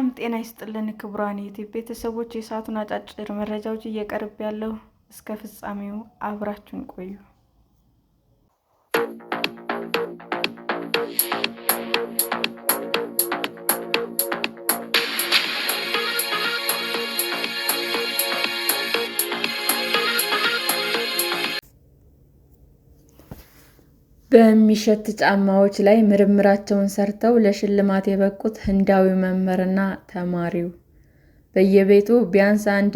ሰላም ጤና ይስጥልን ክቡራን ዩቲ ቤተሰቦች፣ የሰዓቱን አጫጭር መረጃዎች እየቀርብ ያለው እስከ ፍጻሜው አብራችሁን ቆዩ። በሚሸት ጫማዎች ላይ ምርምራቸውን ሰርተው ለሽልማት የበቁት ህንዳዊ መምህርና ተማሪው! በየቤቱ ቢያንስ አንድ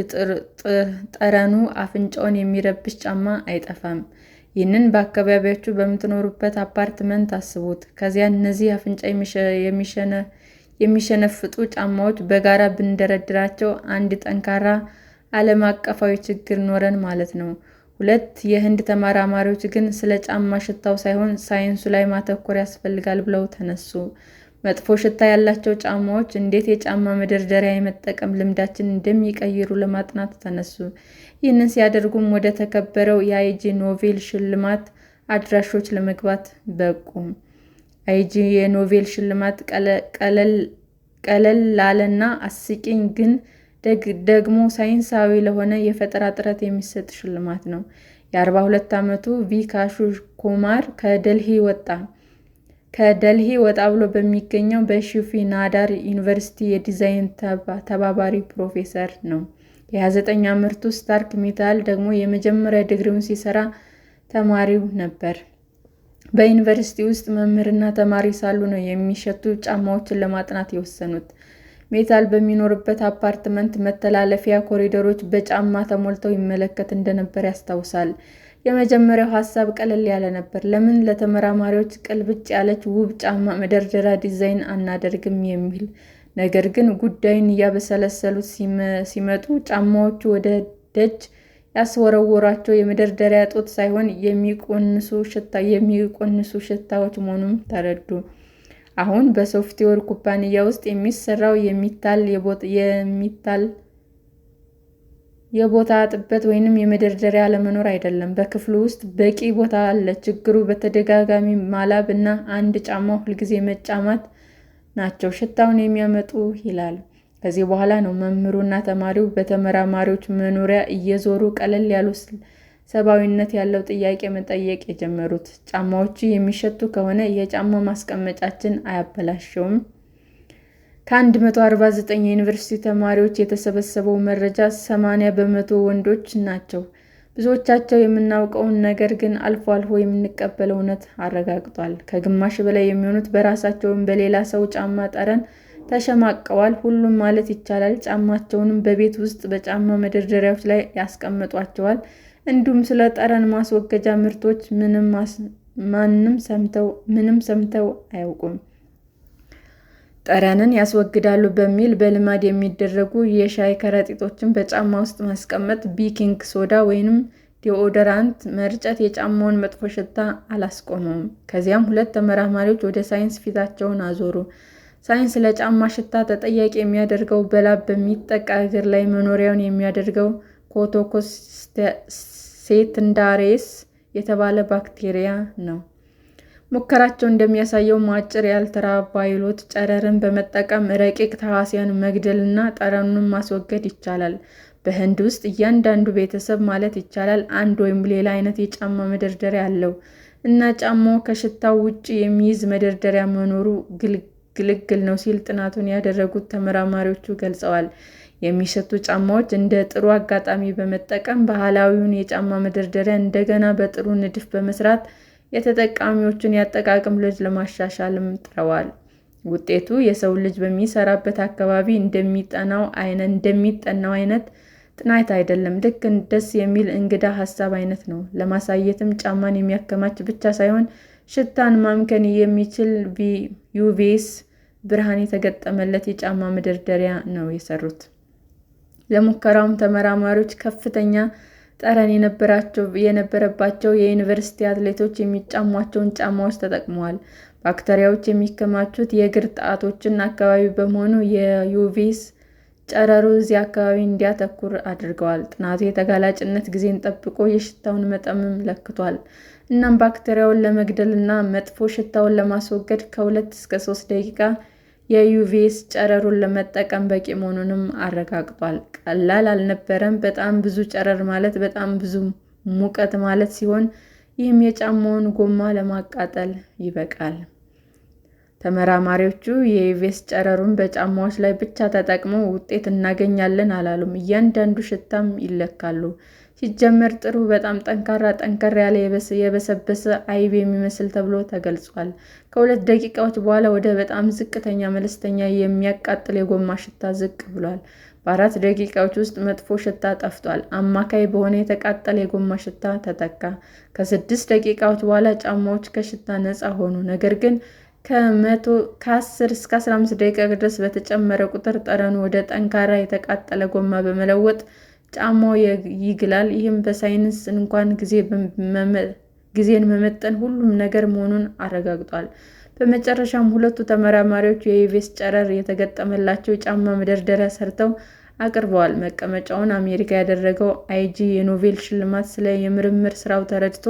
ጠረኑ አፍንጫውን የሚረብሽ ጫማ አይጠፋም። ይህንን በአካባቢያችሁ በምትኖሩበት አፓርትመንት አስቡት። ከዚያ እነዚህ አፍንጫ የሚሸነፍጡ ጫማዎች በጋራ ብንደረድራቸው አንድ ጠንካራ ዓለም አቀፋዊ ችግር ኖረን ማለት ነው። ሁለት የህንድ ተመራማሪዎች ግን ስለ ጫማ ሽታው ሳይሆን ሳይንሱ ላይ ማተኮር ያስፈልጋል ብለው ተነሱ። መጥፎ ሽታ ያላቸው ጫማዎች እንዴት የጫማ መደርደሪያ የመጠቀም ልምዳችንን እንደሚቀይሩ ለማጥናት ተነሱ። ይህንን ሲያደርጉም ወደ ተከበረው የአይጂ ኖቬል ሽልማት አድራሾች ለመግባት በቁ። አይጂ የኖቬል ሽልማት ቀለል ላለና አስቂኝ ግን ደግሞ ሳይንሳዊ ለሆነ የፈጠራ ጥረት የሚሰጥ ሽልማት ነው። የ42 ዓመቱ ቪካሽ ኩማር ከደልሂ ወጣ ብሎ በሚገኘው በሺፊ ናዳር ዩኒቨርሲቲ የዲዛይን ተባባሪ ፕሮፌሰር ነው። የ29 ዓመቱ ስታርክ ሚታል ደግሞ የመጀመሪያ ድግሪውን ሲሰራ ተማሪው ነበር። በዩኒቨርሲቲ ውስጥ መምህርና ተማሪ ሳሉ ነው የሚሸቱ ጫማዎችን ለማጥናት የወሰኑት። ሜታል በሚኖርበት አፓርትመንት መተላለፊያ ኮሪደሮች በጫማ ተሞልተው ይመለከት እንደነበር ያስታውሳል። የመጀመሪያው ሀሳብ ቀለል ያለ ነበር። ለምን ለተመራማሪዎች ቅልብጭ ያለች ውብ ጫማ መደርደሪያ ዲዛይን አናደርግም የሚል። ነገር ግን ጉዳዩን እያበሰለሰሉት ሲመጡ ጫማዎቹ ወደ ደጅ ያስወረወሯቸው የመደርደሪያ ጡት ሳይሆን የሚቆንሱ ሽታዎች መሆኑን ተረዱ። አሁን በሶፍትዌር ኩባንያ ውስጥ የሚሰራው የሚታል የቦታ እጥበት ወይም የመደርደሪያ አለመኖር አይደለም። በክፍሉ ውስጥ በቂ ቦታ አለ። ችግሩ በተደጋጋሚ ማላብ እና አንድ ጫማ ሁልጊዜ መጫማት ናቸው ሽታውን የሚያመጡ ይላል። ከዚህ በኋላ ነው እና ተማሪው በተመራማሪዎች መኖሪያ እየዞሩ ቀለል ያሉ ሰብአዊነት ያለው ጥያቄ መጠየቅ የጀመሩት። ጫማዎቹ የሚሸቱ ከሆነ የጫማ ማስቀመጫችን አያበላሸውም? ከ149 የዩኒቨርሲቲ ተማሪዎች የተሰበሰበው መረጃ 80 በመቶ ወንዶች ናቸው። ብዙዎቻቸው የምናውቀውን ነገር ግን አልፎ አልፎ የምንቀበለው እውነት አረጋግጧል። ከግማሽ በላይ የሚሆኑት በራሳቸውን በሌላ ሰው ጫማ ጠረን ተሸማቀዋል። ሁሉም ማለት ይቻላል ጫማቸውንም በቤት ውስጥ በጫማ መደርደሪያዎች ላይ ያስቀምጧቸዋል። እንዲሁም ስለ ጠረን ማስወገጃ ምርቶች ማንም ሰምተው ምንም ሰምተው አያውቁም። ጠረንን ያስወግዳሉ በሚል በልማድ የሚደረጉ የሻይ ከረጢቶችን በጫማ ውስጥ ማስቀመጥ፣ ቤኪንግ ሶዳ ወይም ዲኦደራንት መርጨት የጫማውን መጥፎ ሽታ አላስቆመውም። ከዚያም ሁለት ተመራማሪዎች ወደ ሳይንስ ፊታቸውን አዞሩ። ሳይንስ ለጫማ ሽታ ተጠያቂ የሚያደርገው በላብ በሚጠቃ እግር ላይ መኖሪያውን የሚያደርገው ኮቶኮሴትንዳሬስ የተባለ ባክቴሪያ ነው። ሙከራቸው እንደሚያሳየው አጭር የአልትራቫዮሌት ጨረርን በመጠቀም ረቂቅ ተህዋሲያን መግደል ጠረኑን ማስወገድ ይቻላል። በህንድ ውስጥ እያንዳንዱ ቤተሰብ ማለት ይቻላል አንድ ወይም ሌላ አይነት የጫማ መደርደሪያ አለው፣ እና ጫማው ከሽታው ውጪ የሚይዝ መደርደሪያ መኖሩ ግልግል ነው ሲል ጥናቱን ያደረጉት ተመራማሪዎቹ ገልጸዋል። የሚሸቱ ጫማዎች እንደ ጥሩ አጋጣሚ በመጠቀም ባህላዊውን የጫማ መደርደሪያ እንደገና በጥሩ ንድፍ በመስራት የተጠቃሚዎቹን የአጠቃቀም ልምድ ለማሻሻልም ጥረዋል። ውጤቱ የሰው ልጅ በሚሰራበት አካባቢ እንደሚጠናው አይነት ጥናት አይደለም፣ ልክ ደስ የሚል እንግዳ ሀሳብ አይነት ነው። ለማሳየትም ጫማን የሚያከማች ብቻ ሳይሆን ሽታን ማምከን የሚችል ዩቪኤስ ብርሃን የተገጠመለት የጫማ መደርደሪያ ነው የሰሩት። ለሙከራውም ተመራማሪዎች ከፍተኛ ጠረን የነበረባቸው የዩኒቨርሲቲ አትሌቶች የሚጫሟቸውን ጫማዎች ተጠቅመዋል። ባክተሪያዎች የሚከማቹት የእግር ጣቶችን አካባቢ በመሆኑ የዩቪስ ጨረሩ እዚህ አካባቢ እንዲያተኩር አድርገዋል። ጥናቱ የተጋላጭነት ጊዜን ጠብቆ የሽታውን መጠንም ለክቷል። እናም ባክቴሪያውን ለመግደል እና መጥፎ ሽታውን ለማስወገድ ከሁለት እስከ ሶስት ደቂቃ የዩቪስ ጨረሩን ለመጠቀም በቂ መሆኑንም አረጋግጧል። ቀላል አልነበረም። በጣም ብዙ ጨረር ማለት በጣም ብዙ ሙቀት ማለት ሲሆን ይህም የጫማውን ጎማ ለማቃጠል ይበቃል። ተመራማሪዎቹ የዩቪስ ጨረሩን በጫማዎች ላይ ብቻ ተጠቅመው ውጤት እናገኛለን አላሉም። እያንዳንዱ ሽታም ይለካሉ። ሲጀመር ጥሩ በጣም ጠንካራ ጠንከር ያለ የበሰበሰ አይብ የሚመስል ተብሎ ተገልጿል። ከሁለት ደቂቃዎች በኋላ ወደ በጣም ዝቅተኛ መለስተኛ የሚያቃጥል የጎማ ሽታ ዝቅ ብሏል። በአራት ደቂቃዎች ውስጥ መጥፎ ሽታ ጠፍቷል። አማካይ በሆነ የተቃጠለ የጎማ ሽታ ተተካ። ከስድስት ደቂቃዎች በኋላ ጫማዎች ከሽታ ነፃ ሆኑ። ነገር ግን ከ10 እስከ 15 ደቂቃ ድረስ በተጨመረ ቁጥር ጠረኑ ወደ ጠንካራ የተቃጠለ ጎማ በመለወጥ ጫማው ይግላል። ይህም በሳይንስ እንኳን ጊዜን መመጠን ሁሉም ነገር መሆኑን አረጋግጧል። በመጨረሻም ሁለቱ ተመራማሪዎች የኢቬስ ጨረር የተገጠመላቸው ጫማ መደርደሪያ ሰርተው አቅርበዋል። መቀመጫውን አሜሪካ ያደረገው አይጂ የኖቬል ሽልማት ስለ የምርምር ስራው ተረድቶ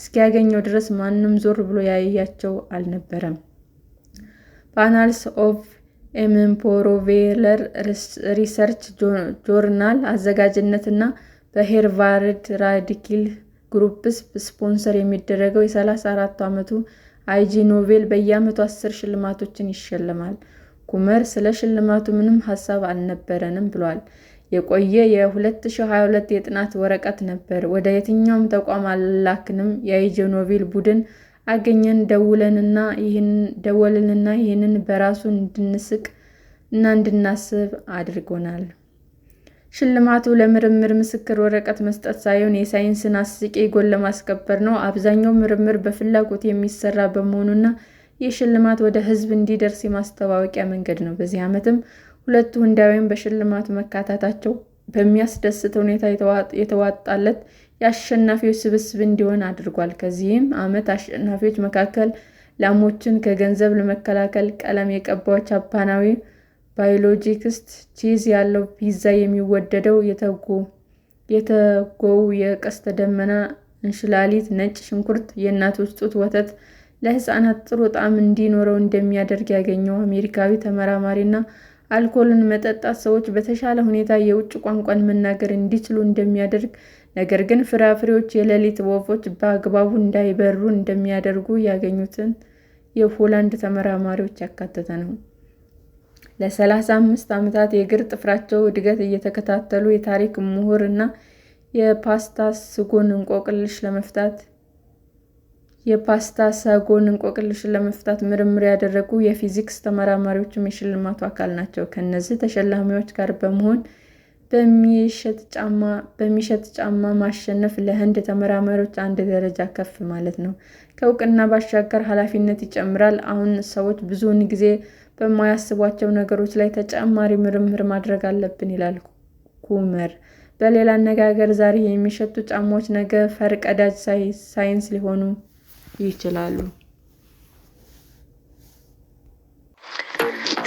እስኪያገኘው ድረስ ማንም ዞር ብሎ ያያቸው አልነበረም። በአናልስ ኦፍ ኤምፖሮቬለር ሪሰርች ጆርናል አዘጋጅነትና በሄርቫርድ ራዲክል ግሩፕስ ስፖንሰር የሚደረገው የ34 ዓመቱ አይጂ ኖቤል በየዓመቱ አስር ሽልማቶችን ይሸልማል። ኩመር ስለ ሽልማቱ ምንም ሀሳብ አልነበረንም ብሏል። የቆየ የ2022 የጥናት ወረቀት ነበር። ወደ የትኛውም ተቋም አላክንም የአይጂ ኖቤል ቡድን አገኘን ደውለንና ይህን ደወልንና ይህንን በራሱ እንድንስቅ እና እንድናስብ አድርጎናል። ሽልማቱ ለምርምር ምስክር ወረቀት መስጠት ሳይሆን የሳይንስን አስቂ ጎን ለማስከበር ነው። አብዛኛው ምርምር በፍላጎት የሚሰራ በመሆኑና ይህ ሽልማት ወደ ሕዝብ እንዲደርስ የማስተዋወቂያ መንገድ ነው። በዚህ ዓመትም ሁለቱ ህንዳውያን በሽልማቱ መካታታቸው በሚያስደስት ሁኔታ የተዋጣለት የአሸናፊዎች ስብስብ እንዲሆን አድርጓል። ከዚህም ዓመት አሸናፊዎች መካከል ላሞችን ከገንዘብ ለመከላከል ቀለም የቀባው ጃፓናዊ ባዮሎጂክስት ቺዝ ያለው ፒዛ የሚወደደው የተጎው የቀስተ ደመና እንሽላሊት ነጭ ሽንኩርት የእናቶች ጡት ወተት ለሕፃናት ጥሩ ጣዕም እንዲኖረው እንደሚያደርግ ያገኘው አሜሪካዊ ተመራማሪና አልኮልን መጠጣት ሰዎች በተሻለ ሁኔታ የውጭ ቋንቋን መናገር እንዲችሉ እንደሚያደርግ ነገር ግን ፍራፍሬዎች የሌሊት ወፎች በአግባቡ እንዳይበሩ እንደሚያደርጉ ያገኙትን የሆላንድ ተመራማሪዎች ያካተተ ነው። ለሰላሳ አምስት ዓመታት የእግር ጥፍራቸው እድገት እየተከታተሉ የታሪክ ምሁር እና የፓስታ ሰጎን እንቆቅልሽን ለመፍታት ምርምር ያደረጉ የፊዚክስ ተመራማሪዎችም የሽልማቱ አካል ናቸው። ከእነዚህ ተሸላሚዎች ጋር በመሆን በሚሸት ጫማ ማሸነፍ ለህንድ ተመራማሪዎች አንድ ደረጃ ከፍ ማለት ነው። ከእውቅና ባሻገር ኃላፊነት ይጨምራል። አሁን ሰዎች ብዙውን ጊዜ በማያስቧቸው ነገሮች ላይ ተጨማሪ ምርምር ማድረግ አለብን ይላል ኩመር። በሌላ አነጋገር ዛሬ የሚሸቱ ጫማዎች ነገ ፈርቀዳጅ ቀዳጅ ሳይንስ ሊሆኑ ይችላሉ።